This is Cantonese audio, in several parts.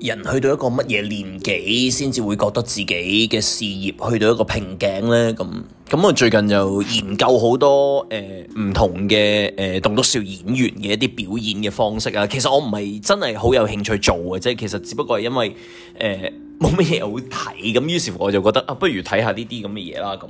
人去到一個乜嘢年紀，先至會覺得自己嘅事業去到一個瓶頸呢。咁咁我最近又研究好多誒唔、呃、同嘅誒棟篤笑演員嘅一啲表演嘅方式啊。其實我唔係真係好有興趣做嘅，即其實只不過係因為誒。呃冇乜嘢好睇，咁於是我就覺得啊，不如睇下呢啲咁嘅嘢啦。咁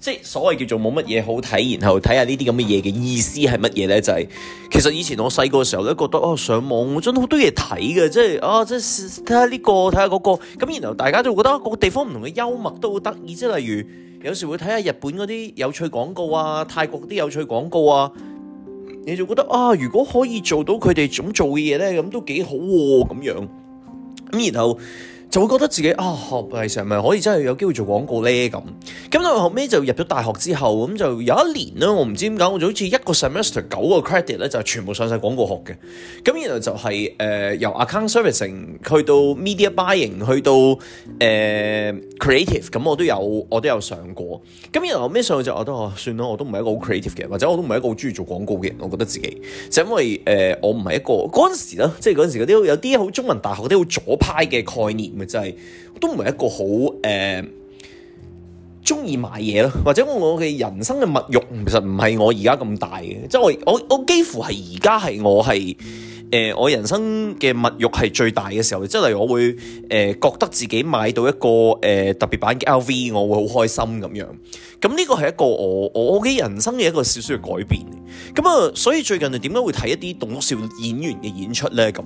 即係所謂叫做冇乜嘢好睇，然後睇下呢啲咁嘅嘢嘅意思係乜嘢呢？就係、是、其實以前我細個嘅時候都覺得哦、啊，上網我真好多嘢睇嘅，即係啊即係睇下呢個睇下嗰個咁。然後大家都會覺得個地方唔同嘅幽默都好得意，即係例如有時會睇下日本嗰啲有趣廣告啊，泰國啲有趣廣告啊，你就覺得啊，如果可以做到佢哋咁做嘅嘢呢，咁都幾好喎、啊、咁樣咁。然後。我覺得自己啊，學嚟成咪可以真係有機會做廣告咧咁，咁咧後尾就入咗大學之後，咁就有一年咧，我唔知點解我就好似一個 semester 九個 credit 咧，就全部上晒廣告學嘅。咁然後就係、是、誒、呃、由 account servicing 去到 media buying，去到誒、呃、creative，咁我都有我都有上過。咁然後後尾上去就我都話、啊、算啦，我都唔係一個好 creative 嘅，或者我都唔係一個好中意做廣告嘅人。我覺得自己就是、因為誒、呃、我唔係一個嗰陣時咧，即係嗰陣時嗰啲有啲好中文大學啲好左派嘅概念就係、是、都唔係一個好誒，鍾、呃、意買嘢咯，或者我嘅人生嘅物慾其實唔係我而家咁大嘅，即、就、係、是、我我我幾乎係而家係我係誒、呃、我人生嘅物慾係最大嘅時候，即、就、係、是、我會誒、呃、覺得自己買到一個誒、呃、特別版嘅 LV，我會好開心咁樣。咁呢個係一個我我嘅人生嘅一個少少嘅改變。咁啊，所以最近你，點解會睇一啲棟篤笑演員嘅演出咧？咁。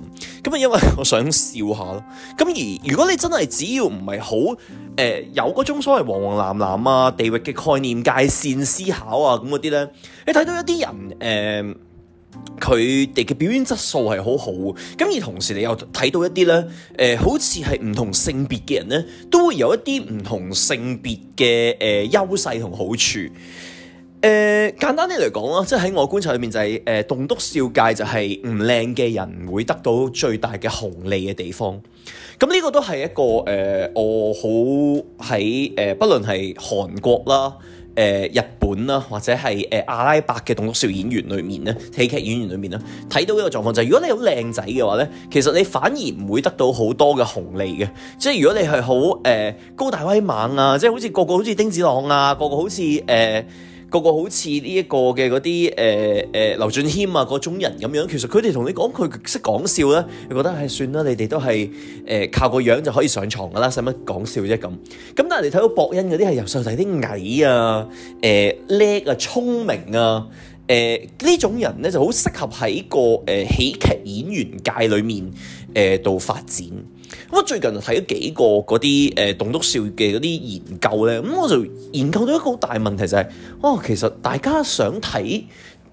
因為我想笑下咯，咁而如果你真係只要唔係好誒，有嗰種所謂黃黃藍藍啊，地域嘅概念界線思考啊，咁嗰啲咧，你睇到一啲人誒，佢哋嘅表演質素係好好，咁而同時你又睇到一啲咧誒，好似係唔同性別嘅人咧，都會有一啲唔同性別嘅誒優勢同好處。誒、呃、簡單啲嚟講啦，即喺我觀察裏面就係誒棟篤笑界就係唔靚嘅人會得到最大嘅紅利嘅地方。咁呢個都係一個誒、呃、我好喺誒、呃，不論係韓國啦、誒、呃、日本啦，或者係誒、呃、阿拉伯嘅棟篤笑演員裏面咧，戲劇演員裏面咧，睇到呢個狀況就係、是，如果你好靚仔嘅話咧，其實你反而唔會得到好多嘅紅利嘅。即係如果你係好誒高大威猛啊，即係好似個個好似丁子朗啊，個個好似誒。個個個個好似呢一個嘅嗰啲誒誒劉俊謙啊嗰種人咁樣，其實佢哋同你講佢識講笑咧，你覺得係算啦，你哋都係誒靠個樣就可以上床㗎喇，使乜講笑啫咁？咁但係你睇到博恩嗰啲係由細細啲矮啊誒叻啊聰明啊誒呢、呃、種人咧，就好適合喺個誒、呃、喜劇演員界裏面誒度、呃、發展。咁我最近就睇咗幾個嗰啲誒棟篤笑嘅嗰啲研究咧，咁、嗯、我就研究到一個好大問題就係、是，哦，其實大家想睇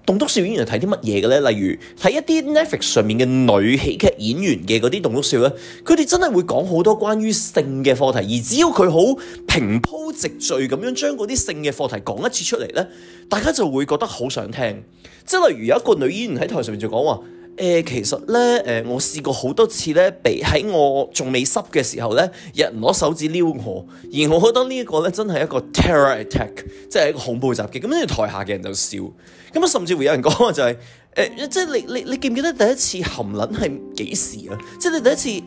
棟篤笑演員係睇啲乜嘢嘅咧？例如睇一啲 Netflix 上面嘅女喜劇演員嘅嗰啲棟篤笑咧，佢哋真係會講好多關於性嘅課題，而只要佢好平鋪直敍咁樣將嗰啲性嘅課題講一次出嚟咧，大家就會覺得好想聽。即係例如有一個女演員喺台上面就講話。誒、呃、其實咧，誒、呃、我試過好多次咧，鼻喺我仲未濕嘅時候咧，有人攞手指撩我，而我覺得呢一個咧真係一個 terror attack，即係一個恐怖襲擊。咁跟住台下嘅人就笑，咁啊甚至會有人講就係、是、誒、呃，即係你你你，你記唔記得第一次含撚係幾時啊？即係你第一次。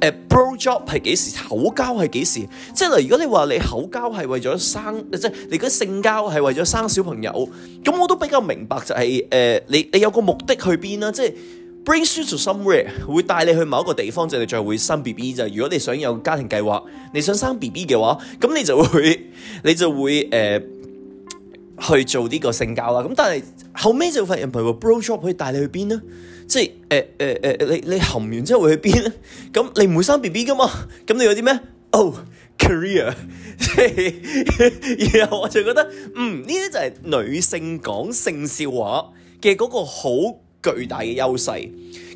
誒，bro job 係幾時？口交係幾時？即係嗱，如果你話你口交係為咗生，即係你個性交係為咗生小朋友，咁我都比較明白就係，誒，你你有個目的去邊啦，即係 bring you to somewhere 會帶你去某一個地方，就係最後會生 B B 就。如果你想有家庭計劃，你想生 B B 嘅話，咁你就會，你就會誒。去做呢個性交啦，咁但係後尾就發現譬如話 bro job 可以帶你去邊呢？即係誒誒誒，你你含完之後會去邊呢？咁你唔會生 B B 噶嘛？咁你有啲咩？哦 career， 然後我就覺得，嗯，呢啲就係女性講性笑話嘅嗰個好巨大嘅優勢，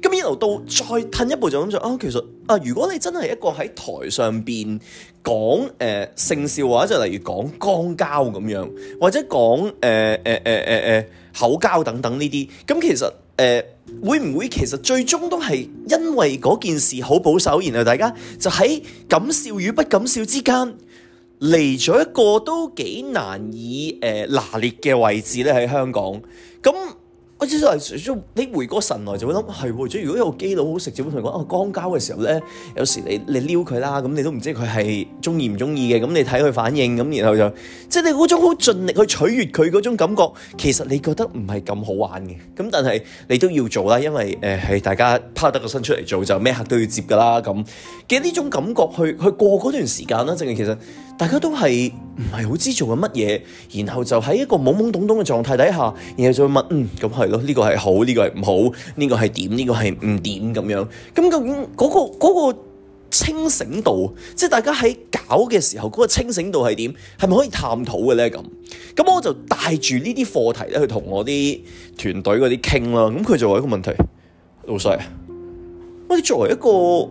咁一路到再褪一步就咁就啊，其實啊，如果你真係一個喺台上邊講誒、呃、性笑話，就係、例如講肛交咁樣，或者講誒誒誒誒誒口交等等呢啲，咁其實誒、呃、會唔會其實最終都係因為嗰件事好保守，然後大家就喺敢笑與不敢笑之間嚟咗一個都幾難以誒、呃、拿捏嘅位置咧喺香港，咁。我即你回過神來就會諗係喎。即如果有個基佬好食，只會同你講啊，剛交嘅時候咧，有時你你撩佢啦，咁你都唔知佢係中意唔中意嘅。咁你睇佢反應，咁然後就即係、就是、你嗰種好盡力去取悅佢嗰種感覺，其實你覺得唔係咁好玩嘅。咁但係你都要做啦，因為誒係、呃、大家拋得個身出嚟做，就咩客都要接㗎啦。咁嘅呢種感覺去去過嗰段時間咧，正係其實。大家都係唔係好知做緊乜嘢，然後就喺一個懵懵懂懂嘅狀態底下，然後就會問嗯，咁係咯，呢個係好呢個係唔好呢個係點呢個係唔點咁樣。咁究竟嗰個嗰個清醒度，即係大家喺搞嘅時候嗰個清醒度係點？係咪可以探討嘅咧？咁咁我就帶住呢啲課題咧去同我啲團隊嗰啲傾啦。咁佢就話一個問題，老細，我哋作為一個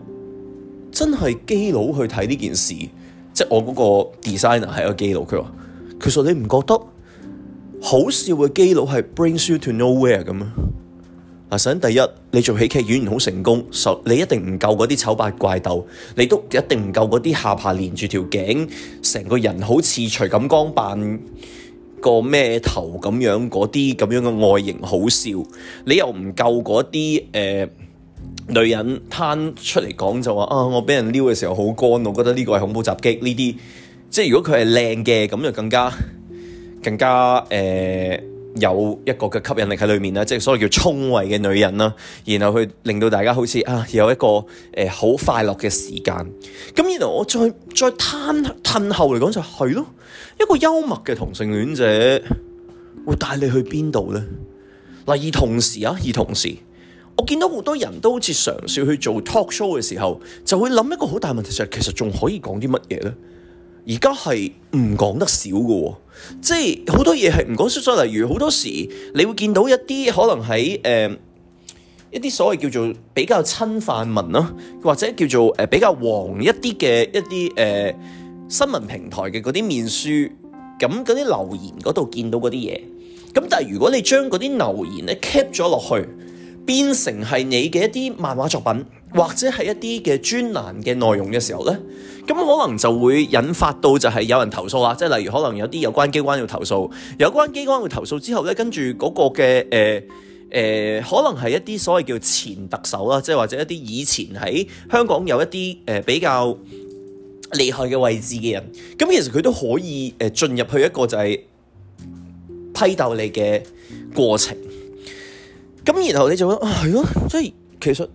真係基佬去睇呢件事。即係我嗰個 designer 係一個基佬，佢話：佢話你唔覺得好笑嘅基佬係 bring you to nowhere 咁啊？首先第一，你做喜劇演員好成功，你一定唔夠嗰啲醜八怪鬥，你都一定唔夠嗰啲下巴連住條頸，成個人好似徐錦江扮個咩頭咁樣嗰啲咁樣嘅外形好笑，你又唔夠嗰啲誒。呃女人攤出嚟講就話啊，我畀人撩嘅時候好乾，我覺得呢個係恐怖襲擊。呢啲即係如果佢係靚嘅，咁就更加更加誒、呃、有一個嘅吸引力喺裏面啦，即係所謂叫聰慧嘅女人啦。然後佢令到大家好似啊有一個誒好、呃、快樂嘅時間。咁然後我再再攤褪後嚟講就係、是、咯，一個幽默嘅同性戀者會帶你去邊度咧？嗱，而同時啊，而同時。我見到好多人都好似嘗試去做 talk show 嘅時候，就會諗一個好大問題，就係其實仲可以講啲乜嘢咧？而家係唔講得少嘅，即係好多嘢係唔講。所例如好多時，你會見到一啲可能喺誒、呃、一啲所謂叫做比較侵犯文咯，或者叫做誒比較黃一啲嘅一啲誒、呃、新聞平台嘅嗰啲面書咁嗰啲留言嗰度見到嗰啲嘢咁，但係如果你將嗰啲留言咧 k e e p 咗落去。變成係你嘅一啲漫畫作品，或者係一啲嘅專欄嘅內容嘅時候呢，咁可能就會引發到就係有人投訴啊！即係例如可能有啲有關機關要投訴，有關機關要投訴之後呢，跟住嗰個嘅誒誒，可能係一啲所謂叫前特首啦，即係或者一啲以前喺香港有一啲誒、呃、比較厲害嘅位置嘅人，咁其實佢都可以誒進入去一個就係批鬥你嘅過程。咁然後你就話啊係咯，即係，所以其實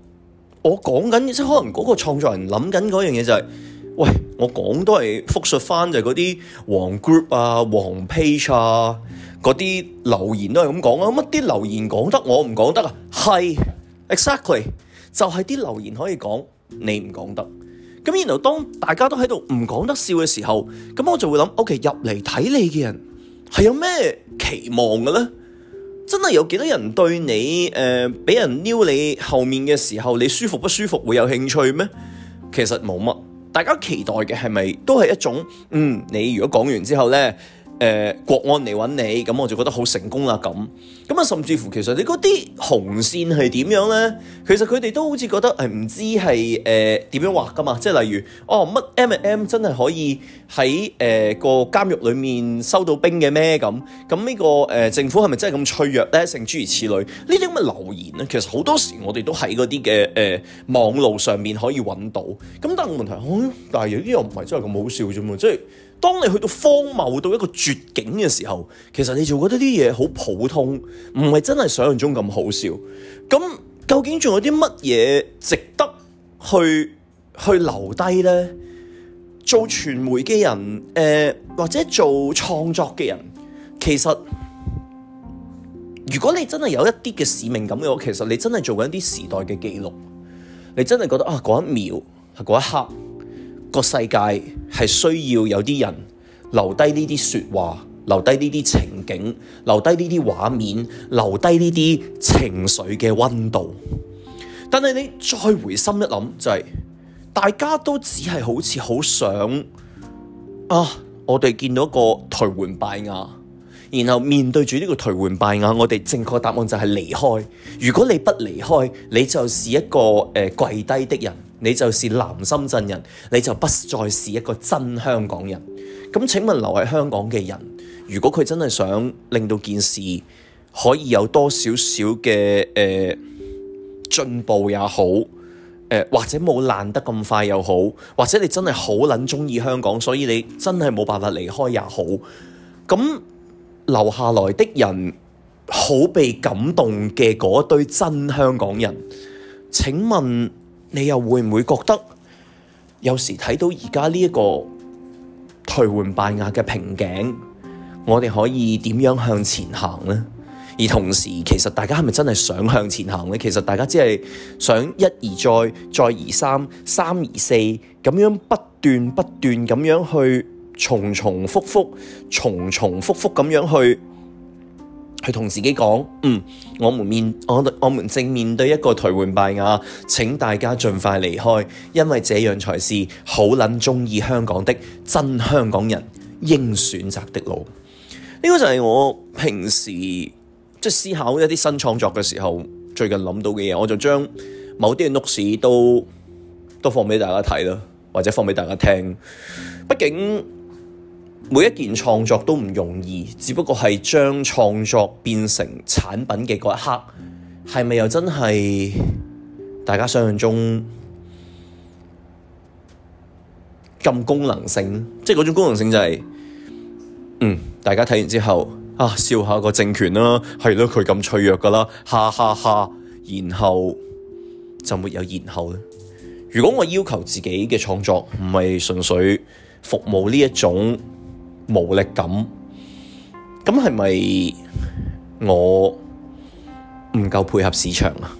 我講緊即係可能嗰個創作人諗緊嗰樣嘢就係、是，喂，我講都係複述返就係嗰啲黃 group 啊、黃 page 啊嗰啲留言都係咁講啊，乜啲留言講得我唔講得啊？係，exactly 就係啲留言可以講，你唔講得。咁然後當大家都喺度唔講得笑嘅時候，咁我就會諗，OK 入嚟睇你嘅人係有咩期望嘅咧？真係有幾多人對你誒，俾、呃、人撩你後面嘅時候，你舒服不舒服會有興趣咩？其實冇乜，大家期待嘅係咪都係一種，嗯，你如果講完之後呢，誒、呃，國安嚟揾你，咁我就覺得好成功啦咁。咁啊，甚至乎其實你嗰啲紅線係點樣咧？其實佢哋都好似覺得誒唔知係誒點樣畫噶嘛，即係例如哦乜 M M 真係可以喺誒個監獄裡面收到兵嘅咩咁？咁呢個誒政府係咪真係咁脆弱咧？性諸如此類呢啲咁嘅留言咧，其實好多時我哋都喺嗰啲嘅誒網路上面可以揾到。咁但係問題、哦，但係有啲又唔係真係咁好笑啫嘛。即係當你去到荒謬到一個絕境嘅時候，其實你就覺得啲嘢好普通。唔係真係想象中咁好笑，咁究竟仲有啲乜嘢值得去去留低呢？做傳媒嘅人，誒、呃、或者做創作嘅人，其實如果你真係有一啲嘅使命感嘅話，其實你真係做緊一啲時代嘅記錄，你真係覺得啊嗰一秒係嗰一刻，個世界係需要有啲人留低呢啲說話。留低呢啲情景，留低呢啲畫面，留低呢啲情緒嘅溫度。但係你再回心一諗，就係、是、大家都只係好似好想啊！我哋見到個頹垣敗瓦，然後面對住呢個頹垣敗瓦，我哋正確答案就係離開。如果你不離開，你就是一個誒、呃、跪低的人，你就是南深圳人，你就不再是一個真香港人。咁請問留喺香港嘅人，如果佢真係想令到件事可以有多少少嘅誒、呃、進步也好，誒、呃、或者冇爛得咁快又好，或者你真係好撚鍾意香港，所以你真係冇辦法離開也好，咁留下來的人好被感動嘅嗰堆真香港人，請問你又會唔會覺得有時睇到而家呢一個，去換幣額嘅瓶頸，我哋可以點樣向前行呢？而同時，其實大家係咪真係想向前行呢？其實大家只係想一而再，再而三，三而四，咁樣不斷不斷咁樣去，重重複複，重重複複咁樣去。去同自己講，嗯，我們面我我我們正面對一個頹垣敗瓦，請大家盡快離開，因為這樣才是好撚鍾意香港的真香港人應選擇的路。呢個就係我平時即思考一啲新創作嘅時候，最近諗到嘅嘢，我就將某啲嘅錄史都都放俾大家睇啦，或者放俾大家聽。畢竟每一件創作都唔容易，只不過係將創作變成產品嘅嗰一刻，係咪又真係大家想象中咁功能性？即係嗰種功能性就係、是、嗯，大家睇完之後啊，笑下個政權啦，係咯，佢咁脆弱㗎啦，哈哈哈。然後就沒有然後啦。如果我要求自己嘅創作唔係純粹服務呢一種。無力感，咁係咪我唔夠配合市場啊？